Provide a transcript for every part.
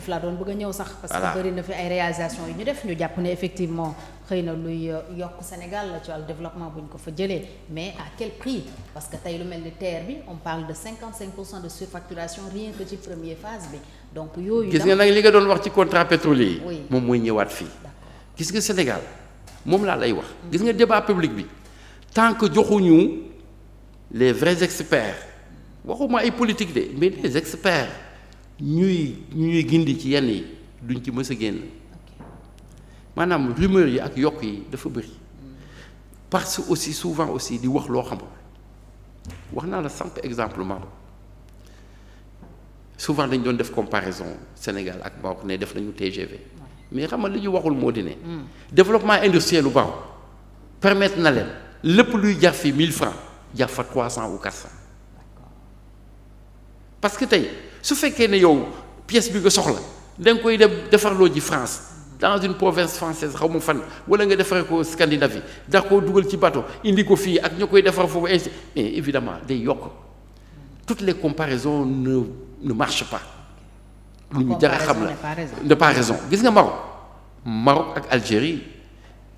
foofu laa doon bëgg a ñëw sax. parce que bëri fi ay réalisation yu ñu def ñu jàpp ne effectivement xëy na luy yokk Sénégal la ci wàllu développement bu ñu ko fa jëlee mais à quel prix parce que tey lu mel ni terre bi on parle de 55 pour cent de surfacturation rien que ci première phase bi donc yooyu. gis nga nag li nga doon wax ci contrat pétrolier yi. moom mooy ñëwaat fii. gis nga Sénégal moom laa lay wax. gis nga débat public bi tant que joxuñu les vrais experts waxuma ay politique de mais les ñuy ñuy gindi ci yenn yi duñ ci mës a génn maanaam rumeur yi ak yokk yi dafa bëri parce que aussi souvent aussi di wax loo xamul wax naa la samp exemple Maroc souvent dañ doon def comparaison Sénégal ak Maroc ne def nañu TGV mais xam nga li ñu waxul moo di ne hmm. développement industriel lu Maroc permettre na leen lépp luy jar fi 1000 francs jar fa 300 ou 400 parce que tey su fekkee ne yow pièce bi nga soxla da nga koy dem defarloo ji France dans une province française xaw ma fan wala nga defaree ko Scandinavie da koo dugal ci bateau indi ko fii ak ñoo koy defar foofu ainsi mais évidemment day yokk toutes les comparaisons ne ne marchent pas. lu ñu xam la de pas gis nga Maroc Maroc ak Algérie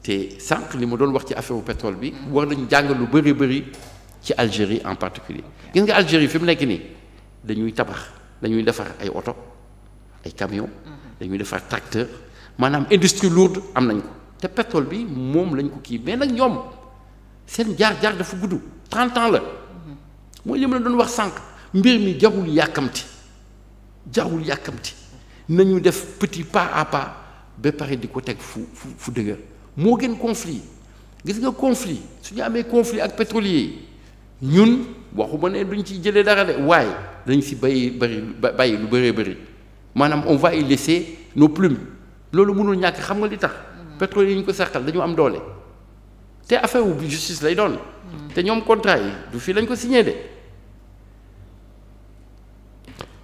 te sànq li ma doon wax ci affaire pétrole bi war nañu jàng lu bëri bëri ci Algérie en particulier gis nga Algérie fi mu nekk nii dañuy tabax. dañuy defar ay oto ay camion mhm. dañuy defar tracteur maanaam industrie lourde am nañ ko te pétrole bi moom lañ ko kii mais nag ñoom seen jaar-jaar dafa gudd 30 ans la mhm. mooy li ma la doon wax sànq mbir mi jarul yàkkamti jarul yàkkamti nañu def petit pas à pas ba di ko teg fu fu fu dëgër moo gën conflit gis nga conflit su ñu amee conflit ak pétrolier yi ñun waxuma ne duñ ci jëlee dara de waaye dañ si bàyyi bëri bàyyi lu bëree bëri maanaam on va y laisser nos plumes loolu mënul ñàkk xam nga li tax mm. pétrole yi ñu ko seqal dañu am doole te affaire wu justice lay doon mm. te ñoom contrat yi du fii lañ ko signé de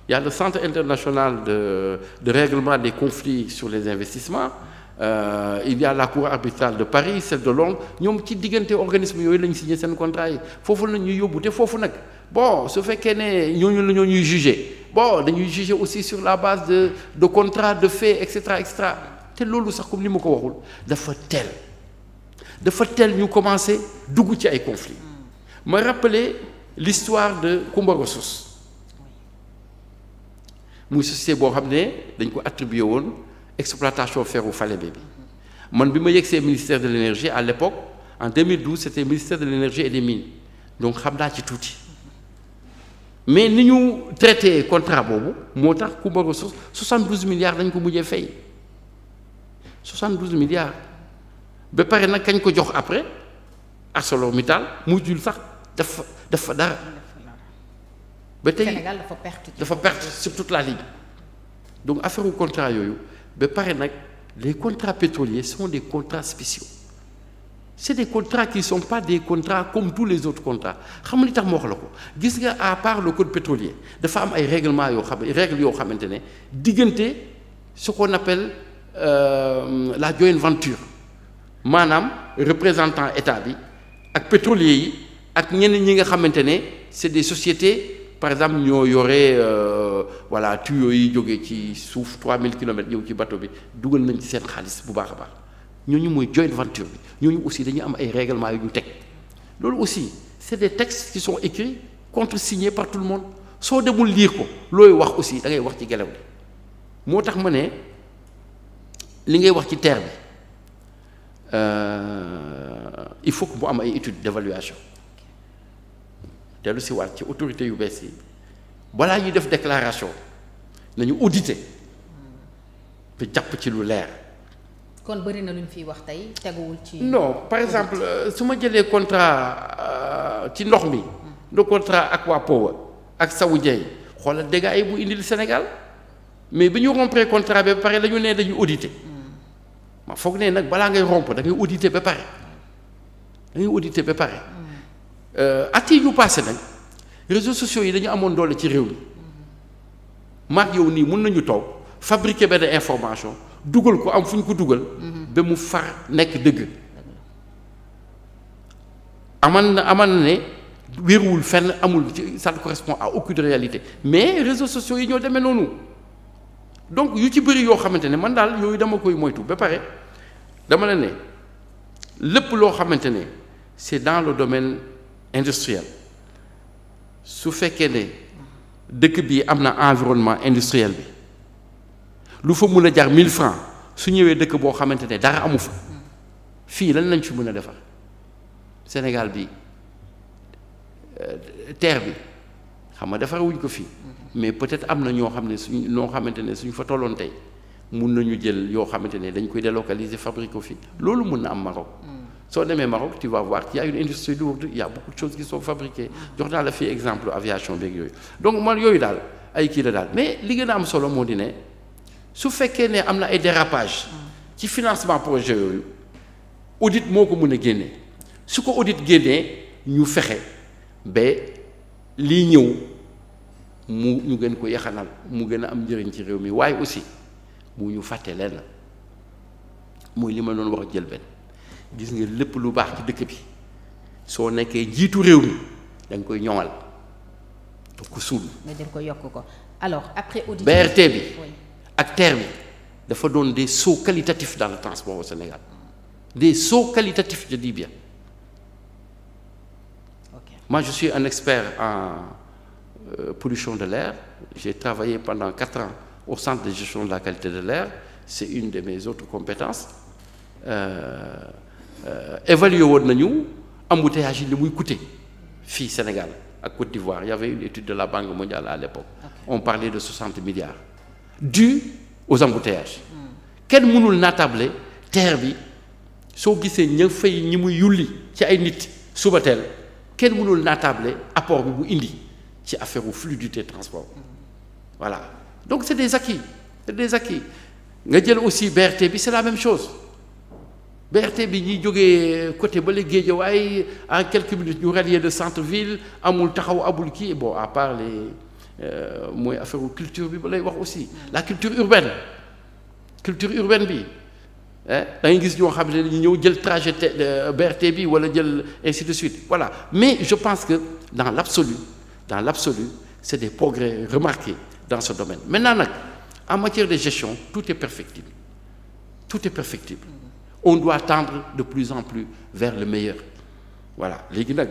y a centre international de de règlement des conflits sur les investissements Euh, il y a la cour arbitrale de Paris celle de Londres ñoom ci diggante organisme yooyu la ñu signé seen contrat yi foofu la ñuy yóbbu te foofu nag bon su fekkee ne ñooñu lañoo ñuy jugé bon dañuy jugé aussi sur la base de de contrat de fait et cetera et te loolu sax comme ni ma ko waxul dafa teel dafa teel ñu commencé dugg ci ay conflits ma rappeler l'histoire de Kumba Ressources muy société boo xam ne dañ ko attribué woon. exploitation ferro Falémé bi man bi ma yegsee ministère de l'énergie à l'époque en 2012 c'était ministère de l'énergie et des mines donc xam naa ci tuuti mais ni ñu traité contrat boobu moo tax Kumba Ressources 72 milliards dañ ko mujjee fay 72 milliards ba pare nag kañ ko jox après mu jul sax dafa dafa dara. ba tey Sénégal dafa perte. surtout la ligne donc affaire contrat yooyu. ba pare nag les contrats pétroliers sont des contrats spéciaux c'est des contrats qui sont pas des contrats comme tous les autres contrats xam li tax ma wax la ko gis nga à part le code pétrolier dafa am ay règlement yoo xam règles yoo xamante ne diggante ce qu'on appelle euh, la joint venture maanaam représentant état bi ak pétrolier yi ak ñeneen ñi nga xamante ne c'est des sociétés par exemple ñoo yore. Euh, voilà tuyaux yi jógee ci suuf 3000 kilomètres yow ci bateau bi dugal nañ ci seen xaalis bu baax a baax ñooñu mooy joint venture bi ñooñu aussi dañuy am ay règlement yu ñu teg loolu aussi c'est des textes si sont écrits contresignés par tout le monde soo demul liir ko looy wax aussi da ngay wax ci gelaw li moo tax ma ne li ngay wax ci terre bi euh, il faut que mu am ay études d'évaluation dellu si waat ci autorité yu bees yi balaa ñuy def déclaration nañu auditer te jàpp ci lu leer. kon bëri na lu ñu wax tey teguwul ci. non par exemple euh, su ma jëlee contra euh, ci ndox mi. Hmm. le ak Aqua Power ak sawu saoudien xool xoolal dégâts ay bu indil Sénégal mais bi ñu rompre contrat ba pare dañu ne dañu auditer hmm. ma foog ne nag balaa ngay romp da ngay ba pare da ngay ba pare hmm. euh, at yi ñu nag. réseaux sociaux yi dañu amoon doole ci réew mi maag yow nii mun nañu toog fabriquer benn information dugal ko am fu ñu ko dugal. Mhm. ba mu far nekk dëgg. aman na aman na ne wéruwul fenn amul ci ça ne correspond à aucune réalité mais réseaux sociaux yi ñoo demee noonu donc yu ci bëri yoo xamante ne man daal yooyu dama koy moytu ba pare dama la ne lépp loo xamante ne c'est dans le domaine industriel. su fekkee ne dëkk bii am na environnement industriel bi lu fa mun a jar mille francs su ñëwee dëkk boo xamante ne dara amu fa fii lan lañ fi mën a defar Sénégal bi euh, terre bi xam nga defar wuñ ko fii mais peut-être am na ñoo xam ne suñ noo xamante ne suñu fa tolloon tey mun nañu jël yoo xamante ne dañ koy de fabrique ko fii loolu mun na am Maroc soo demee Maroc tu vas voir qu'il a une industrie lourde il y a beaucoup de choses qui sont fabriquées jox naa la fii exemple aviation beeg yooyu donc man yooyu daal ay kii la daal mais li gën a am solo moo di ne su fekkee ne am na ay dérapage ci financement projet yooyu audit moo ko mën a génnee su ko audit génnee ñu fexe ba lii ñëw mu ñu gën ko yaxanal mu gën a am njëriñ ci réew mi waaye aussi mu ñu fàtte lenn mooy li ma doon wax jël benn gis nga lépp lu baax ci dëkk bi soo nekkee njiitu réew mi da koy ñoŋal daf ko suul. nga jël ko yokk ko alors après audit BRT bi ak TER bi dafa doon des sauts qualitatifs dans le transport au Sénégal des sauts qualitatifs je dis bien okay. moi je un expert en euh, pollution de l'air j'ai travaillé pendant quatre ans au centre de gestion de la qualité de l'air c'est une de mes autres compétences euh, Euh, évalué woon nañu embouteillage yi li muy coûter fii Sénégal ak Côte d'Ivoire il y une étude de la Banque mondiale à l'époque okay. on parlait de 60 milliards dû aux embouteillages hmm. kenn mënul naatable terre bi soo gisee ña fay ñi muy yulli ci ay nit suba teel kenn mënul naatable apport bi bu indi ci affaire u fluidité transport hmm. voilà donc c'est des acquis c'est des acquis nga jël aussi BRT bi c'est la même chose BRT bi ñuy jógee côté ba la Guédiawaye en quelques minutes ñu rallier de centre-ville amul taxaw amul kii bon à part les euh, mooy affaire culture bi ba lay wax aussi la culture urbaine culture urbaine bi da ngay gis ñoo xam ne dañuy ñëw jël trajet euh, BRT bi wala jël ainsi de suite voilà mais je pense que dans l'absolu dans l'absolu c'est des progrès remarqués dans ce domaine maintenant nag en matière de gestion tout est perfectible tout est perfectible on doit tendre de plus en plus vers le meilleur voilà léegi nag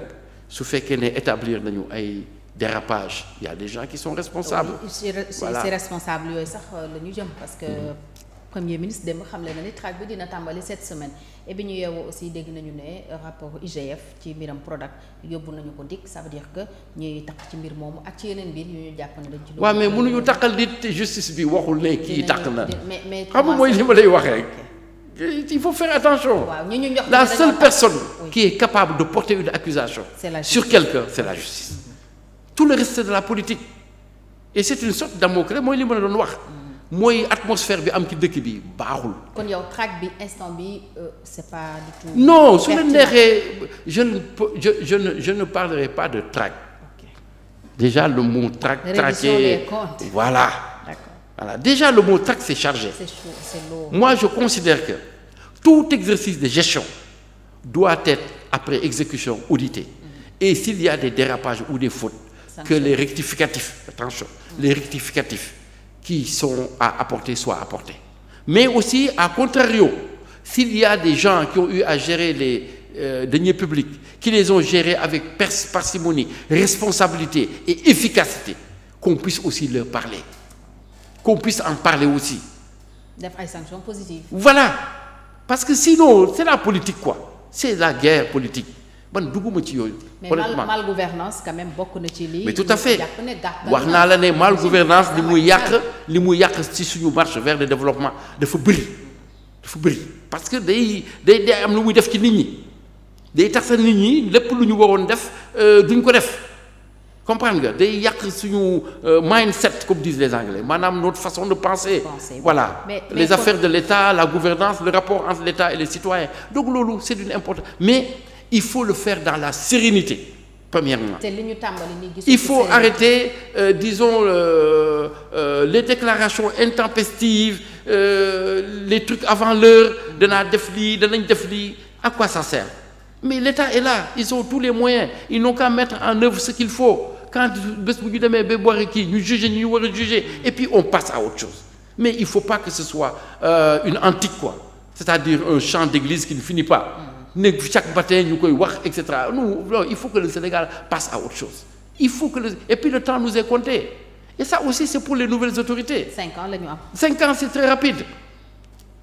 su fekkee ne établir nañu ay dérapage il y a des gens qui sont responsables. Oui, voilà si responsable yooyu sax euh, la ñu jëm parce que. Mm-hmm. premier ministre démb xamle na ni traque bi dina tàmbali set semaine et ñu yeewoo aussi dégg nañu ne rapport IGF ci mbiram Prodac yóbbu nañu ko dikk sa veut dire que ñuy taq ci mbir moomu ak ci yeneen biir yu ñu jàpp ne dañ ci. waaw mais mënuñu taqal nit te justice bi waxul ne taq na. mais Euh, il faut faire attention la seule personne qui est capable de porter une accusation sur quelqu'un c'est la justice tout le reste de la politique et c'est une sorte de Damoclès mooy li ma la doon wax mm. mooy atmosphère bi am ci dëkk bi baaxul. kon yow traque bi instant bi euh, c'est pas du tout. non su la neexee je ne je je ne je ne parlerai pas de traque. déjà le mot traque. traquer voilà. Voilà. Déjà, le mot taxe est chargé. C'est chaud, c'est lourd. Moi, je considère que tout exercice de gestion doit être, après exécution, audité. Mmh. Et s'il y a des dérapages ou des fautes, que les rectificatifs, attention, mmh. les rectificatifs qui sont à apporter soient apportés. Mais aussi, à contrario, s'il y a des gens qui ont eu à gérer les euh, deniers publics, qui les ont gérés avec parcimonie, responsabilité et efficacité, qu'on puisse aussi leur parler. qu'on puisse en parler aussi. def ay sanctions positives. voilà parce que sinon c'est la politique quoi c'est la guerre politique ban dugguma ci yooyu. honnêtement mais mal mal gouvernance quand même bokk na ci lii. tout à fait wax naa la ne mal gouvernance li muy yàq li muy yàq ci suñu marche vers de développement dafa bëri dafa bëri parce que day day day am lu muy def ci nit ñi day tax sa nit ñi lépp lu ñu waroon def euh, duñ ko def. comprendre nga day yàq suñu euh, mindset comme disent les anglais maanaam notre façon de penser. penser voilà mais, les affaires de l'État la gouvernance le rapport entre l'État et les citoyens donc loolu c'est d'une importance mais il faut le faire dans la sérénité premièrement. te li ñu tàmbali ni il faut arrêter euh, disons euh, euh, les déclarations intempestives euh, les trucs avant l'heure danaa def lii danañ def lii à quoi ça sert mais l'État est là ils ont tous les moyens ils n'ont qu'à mettre en œuvre quand bés bu ñu demee ba boole kii ñu juger ñu war juger et puis on passe à autre chose mais il faut pas que ce soit euh, une antique quoi c'est-à-dire un chant d'église qui ne finit pas ne chaque matin ñu koy wax et cetera non il faut que le Sénégal passe à autre chose que le et puis le temps nous est compté et ça aussi c'est pour les nouvelles autorités. cinq ans la c'est très rapide.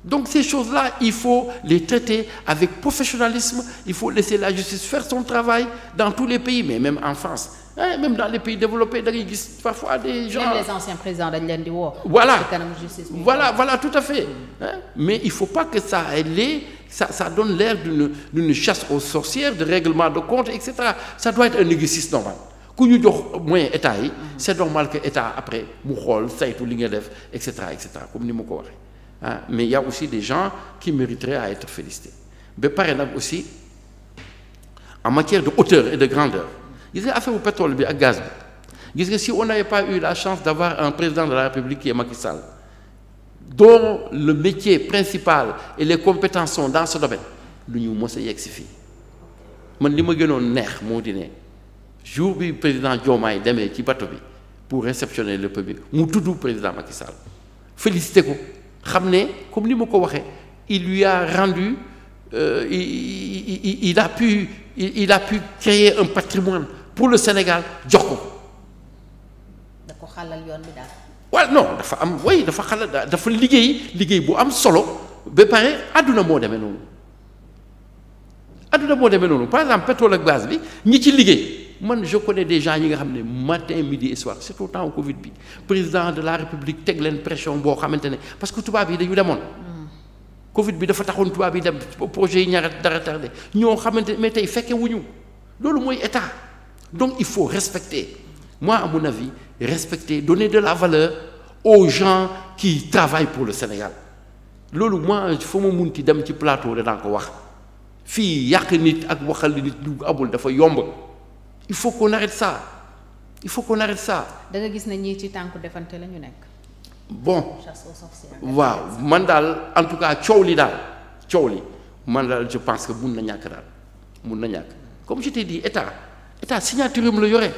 donc ces choses-là il faut les traiter avec professionnalisme il faut laisser la justice faire son travail dans tous les pays en France ah même dans les pays développés da ngay gis parfois des gens. même les dañ leen di woo. voilà voilà voilà tout à fait. Hein? Eh, mais il faut pas que ça ait les ça donne l'air d'une d'une chasse aux sorcières de règlement de compte et cetera ça doit être un exercice normal. ku ñu jox moyen état yi. Mm-hmm. c'est normal que état après mu xool saytu li nga def et cetera et comme ni ma ko waxee ah mais il y a aussi des gens qui mériteraient à être félicités ba pare nag aussi en matière de hauteur et de grandeur. gis nga affaire pétrole bi ak gaz bi gis nga si on n'avait pas eu la chance d'avoir un président de la République qui est Macky Sall dont le métier principal et les compétences sont dans ce domaine lu ñu mos a yegg si fii man li ma gënoon neex moo di ne jour bi président Diomaye demee ci bateau bi pour réceptionner le peuple mu tudd président Macky Sall félicité ko xam ne comme ni ma ko waxee il lui a rendu euh, il, il a pu il a pu créer un patrimoine pour le Sénégal jox ko. da ko xalal yoon bi daal. dafa am way dafa xalal dafa liggéey liggéey bu am solo ba pare àdduna moo demee noonu àdduna moo demee noonu par exemple pétrole ak gaz bi ñi ci liggéey. man je connais des gens ñi nga xam ne matin midi et soir surtout temps Covid bi président de la république teg leen pression boo xamante ne parce que tubaab yi dañu demoon. Mm. Covid bi dafa taxoon tubaab yi dem projet yi ñaar dara tardé ñoo xamante mais tey fekke wuñu loolu mooy état. Donc il faut respecter. Moi, à mon avis, respecter, donner de la valeur aux gens qui travaillent pour le Sénégal. loolu moi fa ma mun munti dem ci plateau danaa ko wax fii yàq nit ak waxal nit lu amul dafa yomb il faut qu'on arrête ça il faut qu'on arrête ça. da gis ne ñii ci tànku defante la nekk. bon waaw man daal en tout cas coow li daal coow li man daal je pense que mun na ñàkk daal mun na ñàkk comme je t'ai dit état. état signature am la yore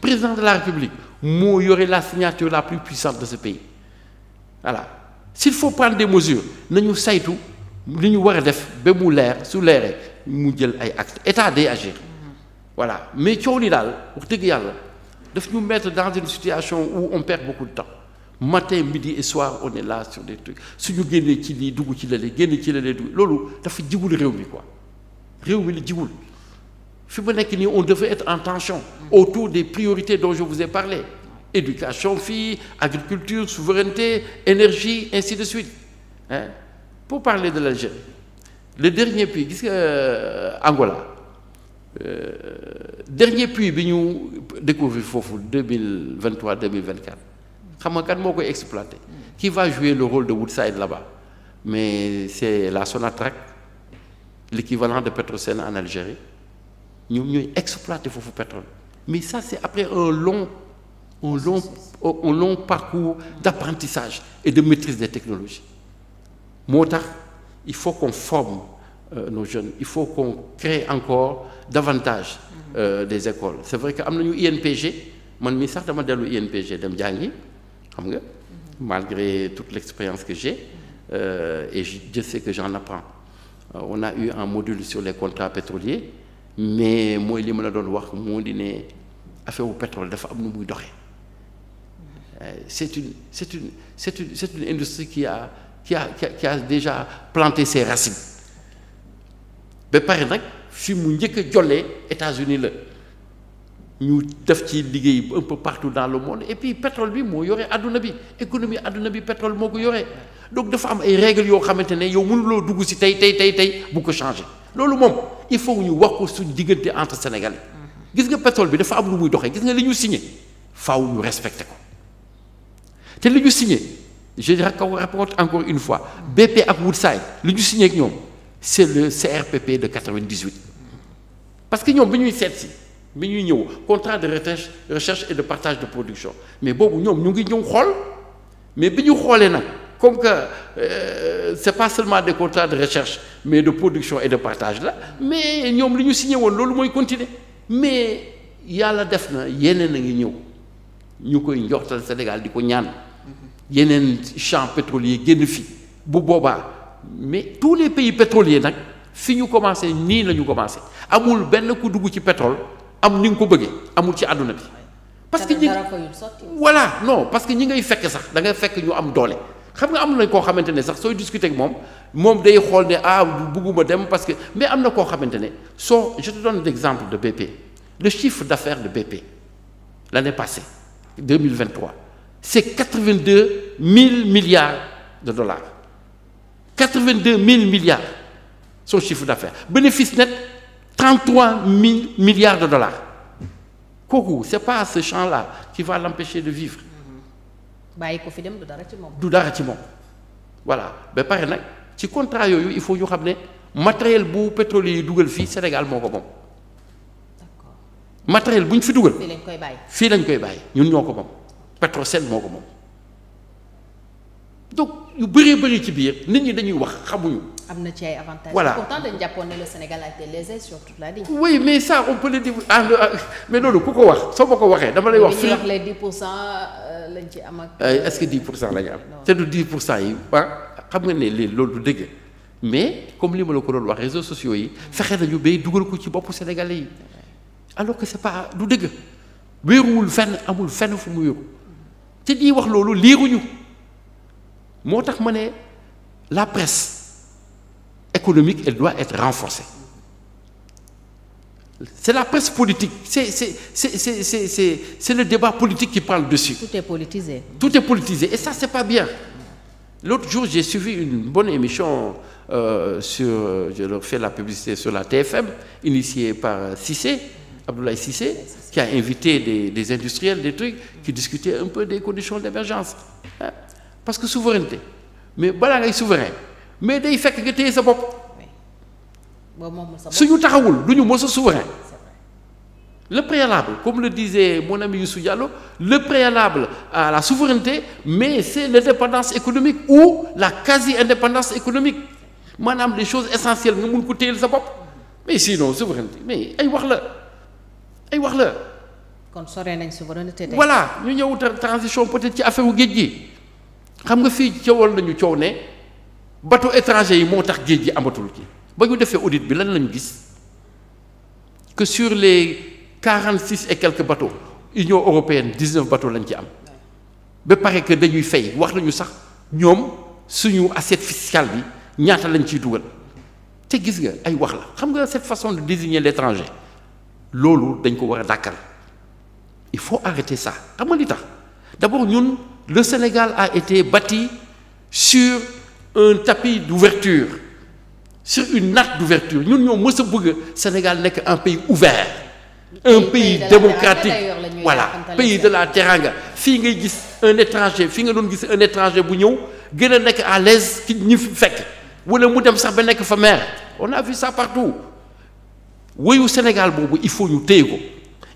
président de la république moo yore la signature la plus puissante de ce pays voilà s'il faut prendre des mesures nañu saytu li ñu war a def ba mu leer su leeree mu jël ay actes état day agir voilà mais coow li daal wax dëgg yàlla daf ñu mettre dans une situation où on perd beaucoup de temps matin midi et soir on est là sur des suñu génnee ci lii dugg ci lale génne ci lale dugg loolu dafa jigul réew mi quoi réew mi la fi mu nekk nii on devait être en tension autour des priorités dont je vous ai parlé éducation fii agriculture souveraineté énergie ainsi de suite hein pour parler de l'Algérie le dernier puits gis nga euh, Angola euh, dernier puits bi ñu découvrir foofu 2023 2024 xam nga kan moo koy exploité qui va jouer le rôle de Woodside là-bas mais c'est la Sonatrach l'équivalent de Petrosen en Algérie ñoom ñooy exploiter foofu pétrole mais ça c'est après un long un long un long parcours d'apprentissage et de maîtrise des technologies moo tax il faut qu'on forme euh, nos jeunes il faut qu'on crée encore davantage euh, des écoles c'est vrai que am nañu INPG man mii sax dama dellu INPG dem jàngi xam nga malgré toute l'expérience que j'ai euh, et je sais que j'en apprends euh, on a eu un module sur les contrats pétroliers mais mooy li ma la doon wax moo di ne affaire wu pétrole dafa am nu muy doxe euh, c'est une c'est une c'est une c'est une industrie qui a qui a qui a, déjà planté ses racines ba pare nag fi mu njëkk a jollee États-Unis la ñu def ci liggéey un peu partout dans le monde et puis pétrole bi moo yore àdduna bi économie àdduna bi pétrole moo ko yore donc dafa am ay règles yoo xamante ne yow loo dugg si tey tey tey tey bu ko changé loolu moom il faut ñu wax ko suñ diggante entre sénégalais gis nga pétrole bi dafa am lu muy doxee gis nga li ñu signé faaw ñu respecté ko te li ñu signé je rapporte encore une fois bépp ak Woodside li ñu signé ak ñoom c'est le CRPP de 98 parce que ñoom bi ñuy seet si bi ñuy ñëw contrat de recherche et de partage de production mais boobu ñoom ñu ngi ñëw xool mais bi ñu xoolee nag. comme que euh, c'est pas seulement des contrats de recherche mais de production et de partage la mais ñoom li ñu signé woon loolu mooy continuer mais yàlla def na yeneen a ngi ñëw ñu koy njoxtal Sénégal di ko ñaan yeneen champ pétrolier génn fii bu boobaa mais tous les pays pétroliers nag fi ñu commencé nii la ñu commencé amul benn ku dugg ci pétrole am ni nga ko bëgge amul ci àdduna bi parce que ñi voilà non parce que ñu ngay fekk sax da ngay fekk ñu am doole xam nga am na koo xamante ne sax soo discuter moom moom day xool ne ah bëgguma dem parce que mais am na koo xamante ne soo je te donne l'exemple de BP le chiffre d'affaires de BP l'année passée 2023 c'est 82 000 milliards de dollars 82 000 milliards son chiffre d'affaires bénéfice net 33 000 milliards de dollars kooku c'est pas ce champ-là qui va l'empêcher de vivre bàyyi ko fi dem du dara ci moom. du dara ci moom voilà ba pare nag ci contrat yooyu il faut ñu xam ne matériel bu pétrolier yi dugal fii Sénégal moo ko moom. matériel bu ñu fi dugal. fii lañ koy bàyyi fii lañ koy bàyyi ñun ñoo ko moom Petrosen moo ko moom donc yu bëree bëri ci biir nit ñi dañuy wax xamuñu. am na ci ay avantages. voilà pourtant dañu jàppoon ne le Sénégal a été lésé sur mais ça on peut ah, ah, mais loolu ku ko wax soo ma ko waxee dama lay wax. fii wax les 10 pour cent euh, am ak. Euh, est ce que 10 pour cent lañu am. te du 10 pour cent yi ah xam nga ni lii loolu du dëgg mais comme lii ma la ko doon wax réseaux sociaux yi fexe nañu bay dugal ko ci boppu Sénégalais yi alors que c'est pas du dëgg wéeruwul fenn amul fenn fu mu wéeru te ñiy wax loolu liiruñu moo tax ma ne la presse. économique, elle doit être renforcée. C'est la presse politique, c'est le débat politique qui parle dessus. Tout est politisé. Tout est politisé, et ça, c'est pas bien. L'autre jour, j'ai suivi une bonne émission euh, sur, je leur fais la publicité sur la TFM, initiée par Cissé, Abdoulaye Cissé, qui a invité des, des, industriels, des trucs, qui discutaient un peu des conditions d'émergence. Hein? Parce que souveraineté. Mais voilà les souverains. mais day fekk nga téye sa bopp suñu taxawul du ñu mës a souverain le préalable comme le disait mon ami Youssou Diallo le préalable à la souveraineté mais c'est l'indépendance économique ou la quasi-indépendance économique maanaam les choses essentielles nga mun ko téyel sa bopp mais sinon souveraineté mais ay wax la ay wax la. kon sore nañ souveraineté voilà ñu ñëw transition peut-être ci affaire géej gi xam nga fii coowal nañu coow ne. bateau étranger yi moo tax géej gi amatul ci ba ñu defee audit bi lan lañu gis que sur les quarante six et quelques bateaux Union européenne dix neuf bateaux lañ ci am ba pare que dañuy fay wax nañu sax ñoom suñu assiette fiscale bi ñaata lañ ciy dugal te gis nga ay wax la xam nga cette façon de désigner l'étranger loolu dañ ko war a dàkkal il faut arrêter ça xam nga li tax d'abord ñun le Sénégal a été bâti sur un tapis d'ouverture sur une natte d'ouverture ñun ñoo bugg Sénégal nekk un pays ouvert un pays, pays démocratique teranga, voilà pays de la teranga fii ngay gis un étranger fii nga doon gis un étranger bu ñëw gën a nekk à l'aise ki ñu fi fekk wala mu dem sax ba nekk fa maire on a vu ça partout woyu Sénégal boobu il faut ñu téye ko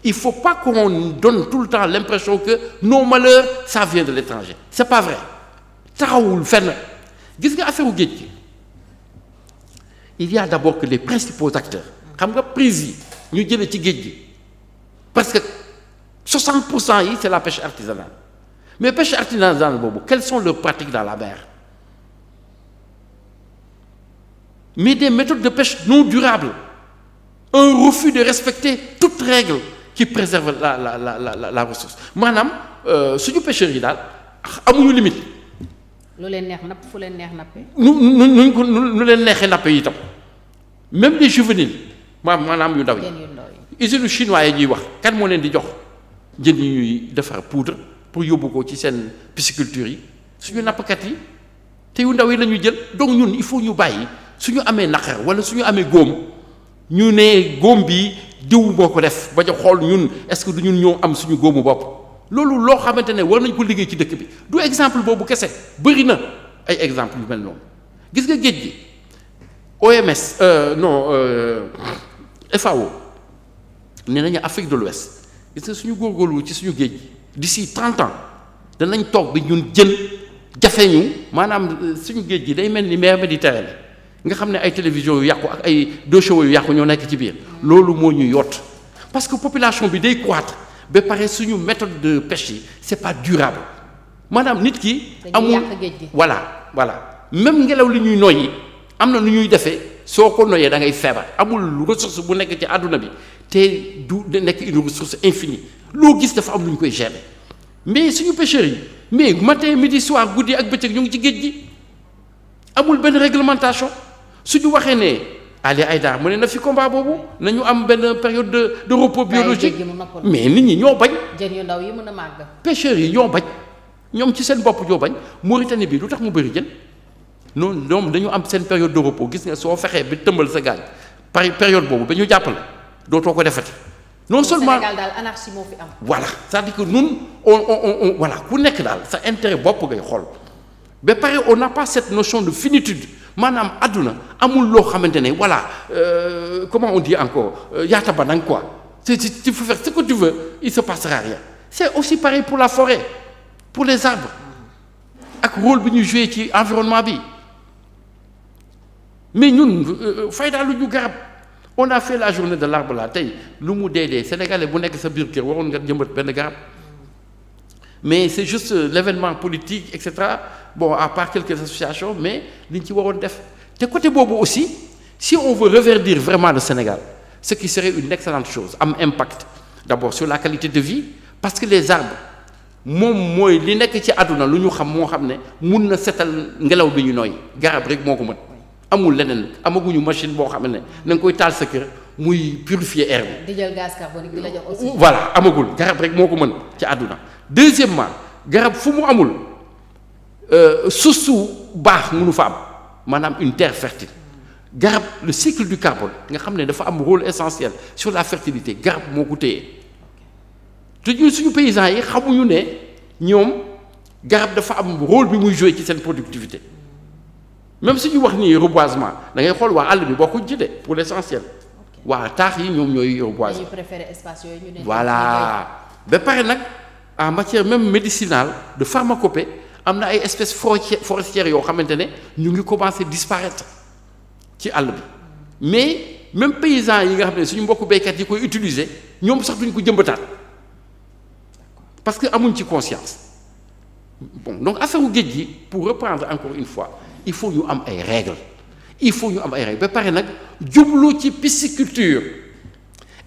il faut pas qu'on donne tout le temps l'impression que nos malheurs ça vient de l'étranger c'est pas vrai taxawul fenn gis nga affaire géej il y a d'abord que les principaux acteurs xam nga prise yi ñu jëlee ci géej gi parce que 60 pour cent yi c'est la pêche artisanale mais pêche artisanale boobu quelles sont leurs pratiques dans la mer mais des méthodes de pêche non durables un refus de respecter toute règle qui préserve la la la la la ressource maanaam euh, suñu pêcheurs yi daal amuñu lu leen neex napp fu leen neex nappee. nu nu nuñ ko nu leen neexee nappee itam même les juvéniles maanaam maanaam yu ndaw yi. usine chinois yi ñuy wax kan moo leen di jox jën yi ñuy defar poudre pour yóbbu ko ci seen pisciculture yi suñu nappkat yi te yu ndaw yi la ñuy jël donc ñun il faut ñu bàyyi suñu amee naqar wala suñu amee góom ñu ne góom bi diw moo ko def ba jox xool ñun est-ce que du ñun ñoo am suñu góomu bopp. loolu loo xamante ne war nañ ko liggéey ci dëkk bi du exemple boobu kese bëri na ay exemple yu mel noonu gis nga géej gi OMS euh, non euh, FAO nee nañu Afrique de l'Ouest gis nga suñu góorgóorlu ci suñu géej gi d'ici trente ans danañ toog bi ñun jën jafe ñu maanaam euh, suñu géej gi day mel ni mer Méditerranée nga xam ne ay télévision yu yàqu ak ay deux shows yu yàqu ñoo nekk ci biir loolu moo ñu yott parce que population bi day croître ba pare suñu méthode de pêche yi c'est pas durable maanaam nit ki. amul voilà voilà même ngelaw li ñuy noyyi am na nu ñuy defee soo ko noyee da ngay feebar amul ressource bu nekk ci àdduna bi te du nekk une ressource infinie loo gis dafa am lu ñu koy gérer mais suñu pêcheurs yi mais matin mit soir guddi ak bëccëg ñu ngi ci géej gi amul benn réglementation suñu waxee ne. Ali Aïdara mu ne na fi combat boobu ñu am benn période de de repos mais nit ñi ñoo bañ. jën yu ndaw yi mën a màgg. pêcheurs yi ñoo bañ ñoom ci seen bopp ñoo bañ Mauritanie bi lu tax mu bëri jën noonu ñoom dañu am seen période de repos gis nga soo fexee bi tëmbal sa gaañ pari période boobu ba ñu jàpp la dootoo ko defati. non seulement Sénégal daal anarchie moo fi am. voilà c'est-à-dire que ñun on on on voilà ku nekk daal sa intérêt bopp ngay xool ba pare on n'a pas cette notion de finitude. maanaam àdduna amul loo xamante ne voilà euh, comment on dit encore euh, yaata ba nang quoi si si tu peux faire ce que tu veux il se passera rien c'est aussi pareil pour la forêt pour les arbres ak rôle bi ñu joué ci environnement bi mais ñun euh, fayda lu ñu garab on a fait la journée de l'arbre là tey lu mu dee dee sénégalais bu nekk sa biir kër waroon nga jëmbat benn garab mais c'est juste euh, l'événement politique et cetera bon à part quelques associations mais li ñu ci waroon def te côté boobu aussi si on veut reverdir vraiment le Sénégal ce qui serait une excellente chose am impact d'abord sur la qualité de vie parce que les arbres moom mooy li nekk ci àdduna lu ñu xam moo xam ne mun na setal ngelaw bi ñu nooy garab rek moo ko mën amul leneen amaguñu machine boo xam ne na nga koy taal sa kër muy purifier air bi. di jël gaz carbonique di la voilà amagul garab rek moo ko mën ci àdduna deuxièmement garab fu mu amul. Euh, suuf su baax mënu fa am maanaam une terre fertile garab le cycle du carbone nga xam ne dafa am rôle essentiel sur la fertilité garab moo ko téye te ñun suñu paysans yi xamuñu ne ñoom garab dafa am rôle bi muy jouer ci seen productivité même suñu wax nii reboisement da xool waa àll bi boo ko de pour l'essentiel waa taax yi ñoom ñooy reboiser. dañuy préférer espace yooyu ñu voilà ba pare nag en matière même médicinale de pharmacopée. am na ay espèces forestières yoo xamante ne ñu ngi commencer disparaître ci àll bi mais même paysans yi nga xam ne suñu mbokku béykat yi koy utiliser ñoom sax duñ ko jëmbataat parce que amuñ ci conscience bon donc asaru géej gi pour reprendre encore une fois il faut ñu am ay règles il faut ñu am ay règles ba pare nag jublu ci pisciculture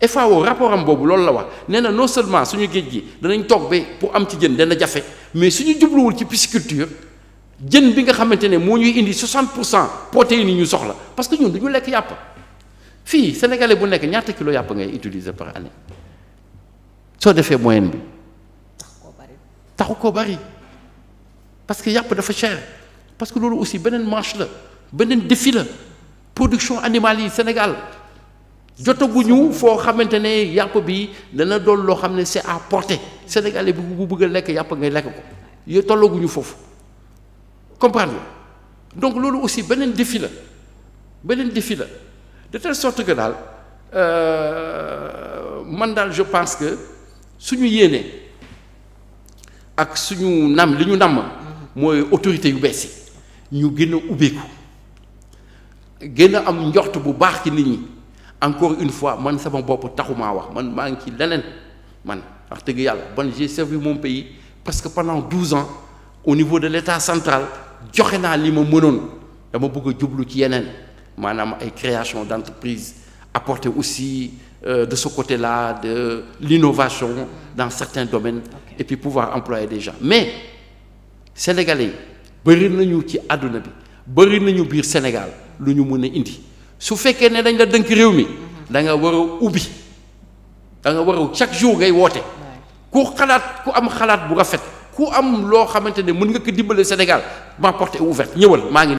FAO rapport am boobu loolu la wax nee na non seulement suñu géej gi danañ toog ba pour am ci jën dana jafe. mais suñu jubluwul ci culture jën bi nga xamante ne moo ñuy indi 60 pour cent protéines yi ñu soxla parce que ñun du ñu lekk yàpp fii sénégalais bu nekk ñaata kilo yàpp ngay utiliser par année soo defee moyenne bi taxu koo bari parce que yàpp dafa cher parce que loolu aussi beneen marche la beneen défi la production animale yi Sénégal jotaguñu foo xamante ne yàpp bi dana doon loo xam ne c'est à portée sénégalais bi bu bëgg a lekk yàpp ngay lekk ko yo tollaguñu foofu comprendre nga donc loolu aussi beneen défi la beneen défi la de telle sorte que daal euh, man daal je pense que suñu yéenee ak suñu nam li ñu namm mooy autorité yu bees yi ñu génn a ubbeeku gën a am njort bu baax ci nit ñi encore une fois man sama bopp taxumaa wax man maa ngi ci leneen man wax dëgg yàlla man j'ai servi mon pays parce que pendant douze ans au niveau de l'état central joxe naa li ma mënoon dama bugg a jublu ci yeneen maanaam ay création d'entreprise apporter aussi euh, de ce côté-là de l'innovation dans certains domaines et puis pouvoir employer des gens mais sénégalais yi bëri nañu ci àdduna bi bëri nañu biir Sénégal lu ñu mën a indi su fekkee ne dañ la dënk réew mi da nga war a ubbi da nga war a chaque jour ngay woote ku xalaat ku am xalaat bu rafet ku am loo xamante ne mën nga ko dimbale Sénégal ma porte est ouverte ñëwal maa ngi.